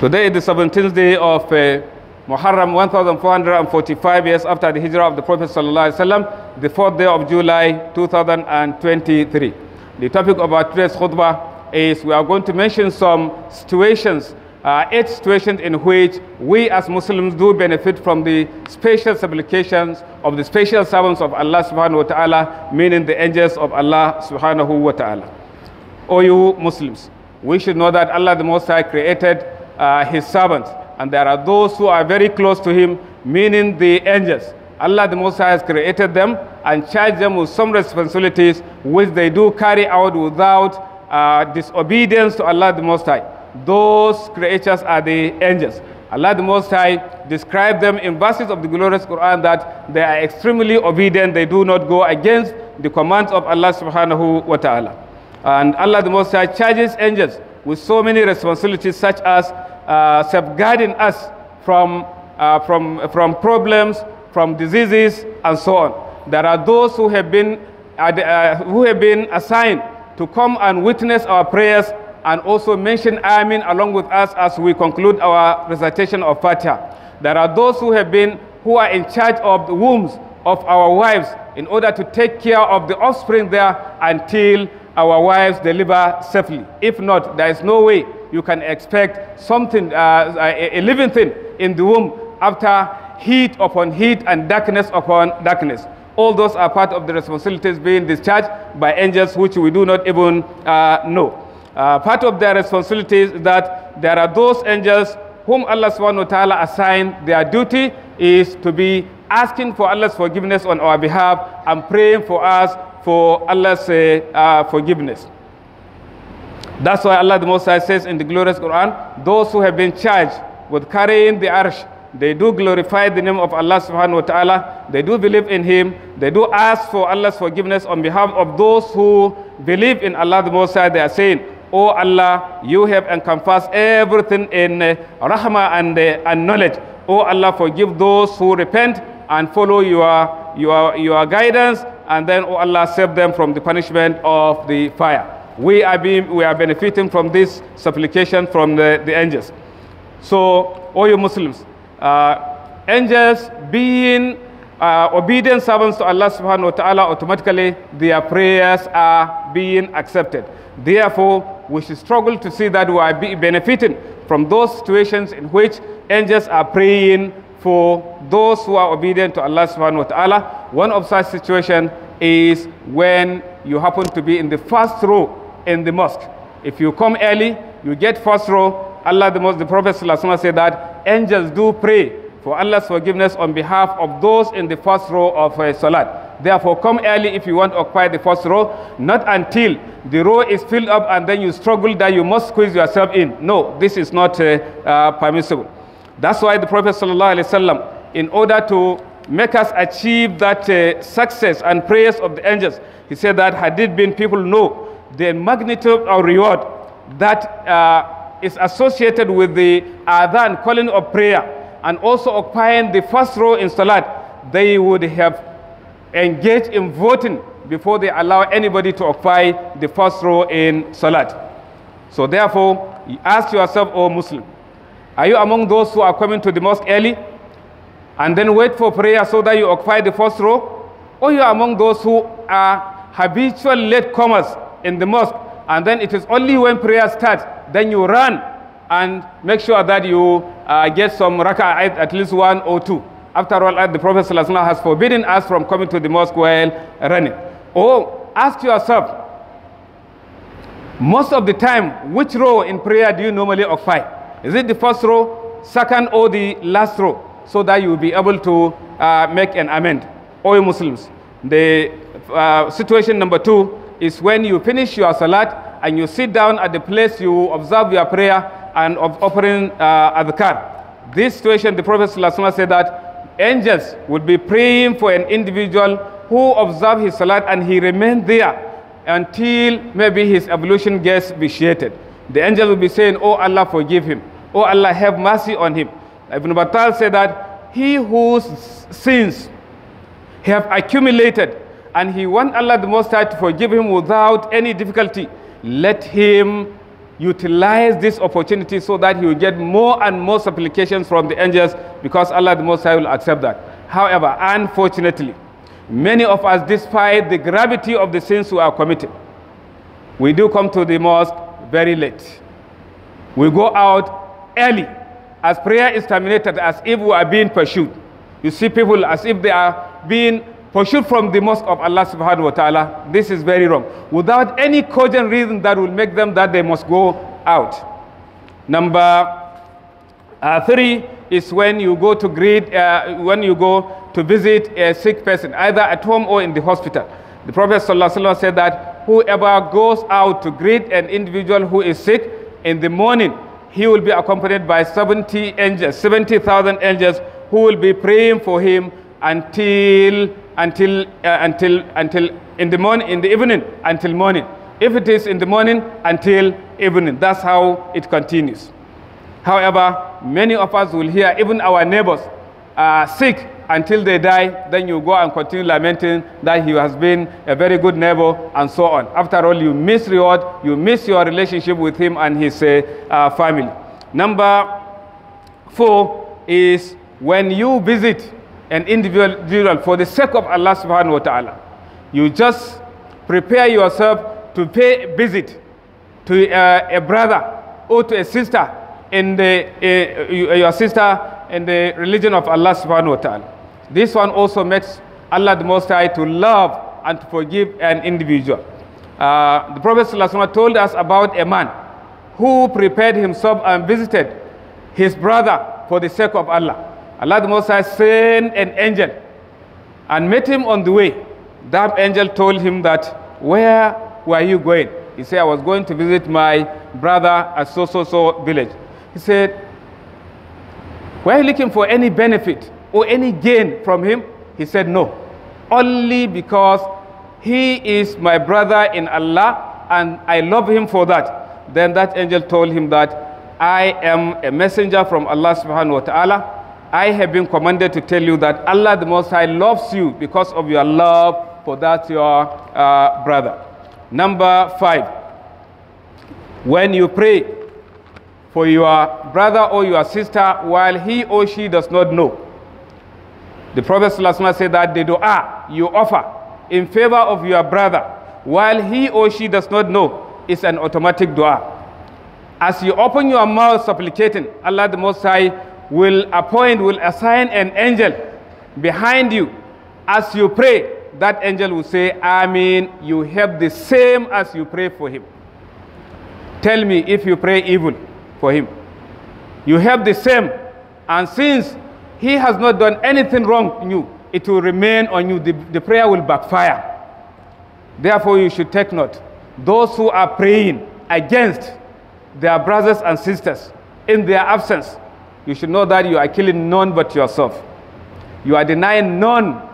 Today is the 17th day of uh, Muharram, 1445 years after the hijrah of the Prophet Sallallahu the fourth day of July 2023. The topic of our today's khutbah is we are going to mention some situations, uh, eight situations in which we as Muslims do benefit from the special supplications of the special servants of Allah subhanahu wa ta'ala, meaning the angels of Allah subhanahu wa ta'ala. O you Muslims, we should know that Allah the Most High created uh, his servants. And there are those who are very close to him, meaning the angels. Allah the Most High has created them and charged them with some responsibilities which they do carry out without uh, disobedience to Allah the Most High. Those creatures are the angels. Allah the Most High described them in verses of the glorious Quran that they are extremely obedient, they do not go against the commands of Allah subhanahu wa ta'ala. And Allah the Most High charges angels with so many responsibilities such as uh, safeguarding us from, uh, from, from problems, from diseases, and so on. There are those who have been, uh, who have been assigned to come and witness our prayers and also mention Amin along with us as we conclude our recitation of Fatiha. There are those who have been, who are in charge of the wombs of our wives in order to take care of the offspring there until our wives deliver safely. If not, there is no way you can expect something, uh, a living thing in the womb after heat upon heat and darkness upon darkness. All those are part of the responsibilities being discharged by angels which we do not even uh, know. Uh, part of their responsibilities is that there are those angels whom Allah subhanahu wa ta'ala assigned their duty is to be asking for Allah's forgiveness on our behalf and praying for us for Allah's uh, uh forgiveness. That's why Allah the Most High says in the glorious Quran, those who have been charged with carrying the arsh, they do glorify the name of Allah subhanahu wa ta'ala, they do believe in Him, they do ask for Allah's forgiveness on behalf of those who believe in Allah the Most High. They are saying, oh Allah, you have encompassed everything in uh, rahmah and, uh, and knowledge. O oh Allah, forgive those who repent and follow your, your, your guidance, and then, O oh Allah, save them from the punishment of the fire we are, being, we are benefiting from this supplication from the, the angels. So, all you Muslims, uh, angels being uh, obedient servants to Allah subhanahu wa ta'ala, automatically their prayers are being accepted. Therefore, we should struggle to see that we are benefiting from those situations in which angels are praying for those who are obedient to Allah subhanahu wa ta'ala. One of such situations is when you happen to be in the first row in the mosque. If you come early, you get first row. Allah the most, the Prophet said that angels do pray for Allah's forgiveness on behalf of those in the first row of uh, Salat. Therefore, come early if you want to occupy the first row, not until the row is filled up and then you struggle that you must squeeze yourself in. No, this is not uh, uh, permissible. That's why the Prophet ﷺ, in order to make us achieve that uh, success and prayers of the angels, he said that had it been people know the magnitude or reward that uh, is associated with the adhan, calling of prayer, and also occupying the first row in salat, they would have engaged in voting before they allow anybody to occupy the first row in salat. So therefore, you ask yourself, O oh Muslim, are you among those who are coming to the mosque early and then wait for prayer so that you occupy the first row? Or you are among those who are habitual late comers? in the mosque. And then it is only when prayer starts, then you run and make sure that you uh, get some raka'at, at least one or two. After all, the Prophet ﷺ has forbidden us from coming to the mosque while running. Oh, ask yourself, most of the time, which row in prayer do you normally occupy? Is it the first row, second, or the last row? So that you will be able to uh, make an amend. All oh, Muslims. The uh, situation number two is when you finish your salat and you sit down at the place you observe your prayer and of offering uh, adhkar. This situation, the Prophet ﷺ said that angels would be praying for an individual who observed his salat and he remained there until maybe his ablution gets vitiated. The angels will be saying, Oh Allah, forgive him. Oh Allah, have mercy on him. Ibn Battal said that he whose sins have accumulated and he wants Allah the Most High to forgive him without any difficulty, let him utilize this opportunity so that he will get more and more supplications from the angels because Allah the Most High will accept that. However, unfortunately, many of us, despite the gravity of the sins we are committing, we do come to the mosque very late. We go out early as prayer is terminated as if we are being pursued. You see people as if they are being for sure, from the mosque of Allah subhanahu wa ta'ala, this is very wrong. Without any cogent reason that will make them that they must go out. Number uh, three is when you go to greet, uh, when you go to visit a sick person, either at home or in the hospital. The Prophet ﷺ said that whoever goes out to greet an individual who is sick in the morning, he will be accompanied by 70 angels, 70,000 angels who will be praying for him until until, uh, until, until in the morning, in the evening, until morning. If it is in the morning, until evening. That's how it continues. However, many of us will hear even our neighbors are sick until they die, then you go and continue lamenting that he has been a very good neighbor and so on. After all, you miss reward, you miss your relationship with him and his uh, uh family. Number four is when you visit and individual for the sake of Allah subhanahu wa ta'ala. You just prepare yourself to pay a visit to uh, a brother or to a sister in the, uh, your sister in the religion of Allah subhanahu wa ta'ala. This one also makes Allah the Most High to love and to forgive an individual. Uh, the Prophet ﷺ told us about a man who prepared himself and visited his brother for the sake of Allah. Allah Musa sent an angel and met him on the way. That angel told him that, where were you going? He said, I was going to visit my brother at so-so-so village. He said, were you looking for any benefit or any gain from him? He said, no. Only because he is my brother in Allah and I love him for that. Then that angel told him that I am a messenger from Allah subhanahu wa ta'ala I have been commanded to tell you that Allah the Most High loves you because of your love for that your uh, brother. Number five, when you pray for your brother or your sister while he or she does not know, the Prophet said that the dua you offer in favor of your brother while he or she does not know is an automatic dua. As you open your mouth supplicating, Allah the Most High will appoint, will assign an angel behind you. As you pray, that angel will say, Amen. You have the same as you pray for him. Tell me if you pray evil for him. You have the same. And since he has not done anything wrong in you, it will remain on you. The, the prayer will backfire. Therefore, you should take note. Those who are praying against their brothers and sisters in their absence, you should know that you are killing none but yourself. You are denying none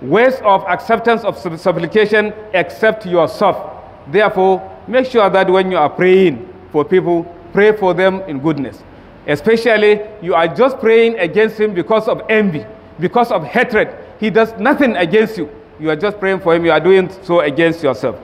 ways of acceptance of supplication except yourself. Therefore, make sure that when you are praying for people, pray for them in goodness. Especially, you are just praying against him because of envy, because of hatred. He does nothing against you. You are just praying for him. You are doing so against yourself.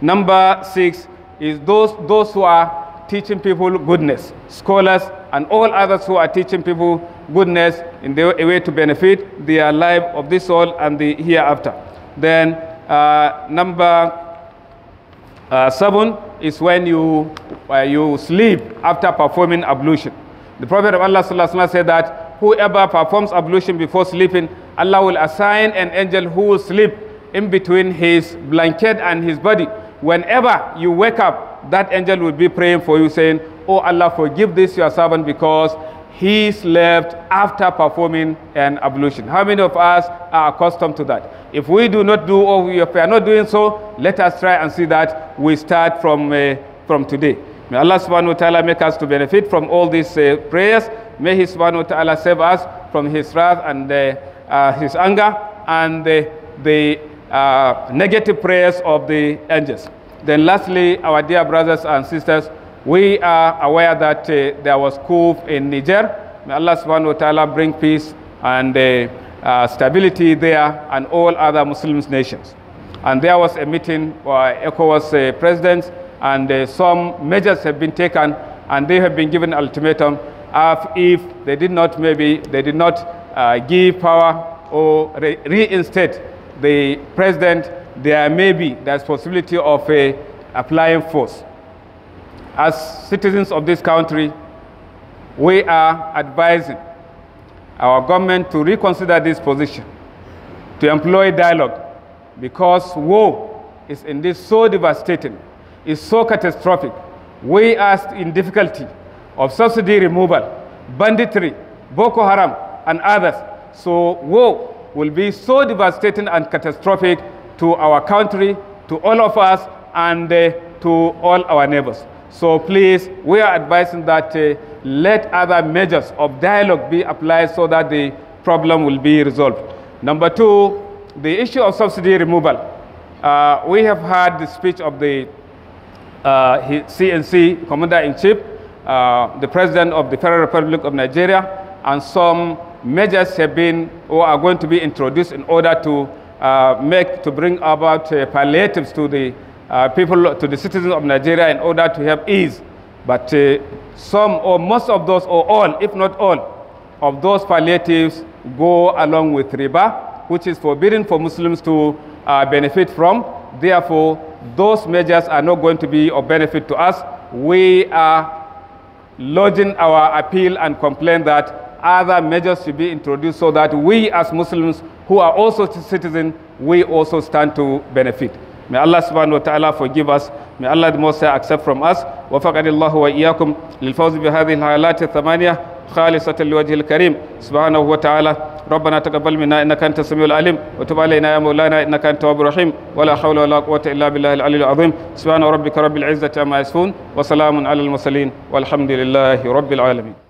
Number six is those, those who are teaching people goodness, scholars, and all others who are teaching people goodness in the, a way to benefit their life of this soul and the hereafter. Then uh, number uh, seven is when you, uh, you sleep after performing ablution. The Prophet of Allah said that whoever performs ablution before sleeping, Allah will assign an angel who will sleep in between his blanket and his body. Whenever you wake up, that angel will be praying for you saying, oh Allah, forgive this your servant because he slept after performing an ablution. How many of us are accustomed to that? If we do not do or if we are not doing so, let us try and see that we start from, uh, from today. May Allah subhanahu wa ta'ala make us to benefit from all these uh, prayers. May His subhanahu wa ta'ala save us from His wrath and uh, uh His anger and the uh, negative prayers of the angels. Then lastly, our dear brothers and sisters, we are aware that uh, there was coup in Niger. May Allah subhanahu wa ta'ala bring peace and uh, uh stability there and all other Muslim nations. And there was a meeting by ECOWAS uh, presidents and uh, some measures have been taken and they have been given ultimatum if they did not maybe, they did not give power or re reinstate the president, there may be the possibility of uh, applying force as citizens of this country, we are advising our government to reconsider this position, to employ dialogue, because war is indeed so devastating, is so catastrophic. We are in difficulty of subsidy removal, banditry, Boko Haram, and others. So war will be so devastating and catastrophic to our country, to all of us, and uh, to all our neighbors. So please, we are advising that uh, let other measures of dialogue be applied so that the problem will be resolved. Number two, the issue of subsidy removal. Uh, we have heard the speech of the uh, CNC Commander-in-Chief, uh, the President of the Federal Republic of Nigeria, and some measures have been or are going to be introduced in order to uh, make, to bring about uh, palliatives to the uh, people, to the citizens of Nigeria in order to have ease. But uh, some or most of those, or all, if not all, of those palliatives go along with riba, which is forbidden for Muslims to uh, benefit from. Therefore, those measures are not going to be of benefit to us. We are lodging our appeal and complaint that other measures should be introduced so that we as Muslims who are also citizens, we also stand to benefit. May Allah subhanahu wa ta'ala forgive us. May Allah the Most High accept from us. وفقني الله وإياكم للفوز بهذه الحالات الثمانية خالصة لوجه الكريم سبحانه وتعالى ربنا تقبل منا إنك أنت السميع العليم وتب علينا يا مولانا إنك أنت التواب الرحيم ولا حول ولا قوة إلا بالله العلي العظيم سبحان ربك رب العزة عما يصفون وسلام على المرسلين والحمد لله رب العالمين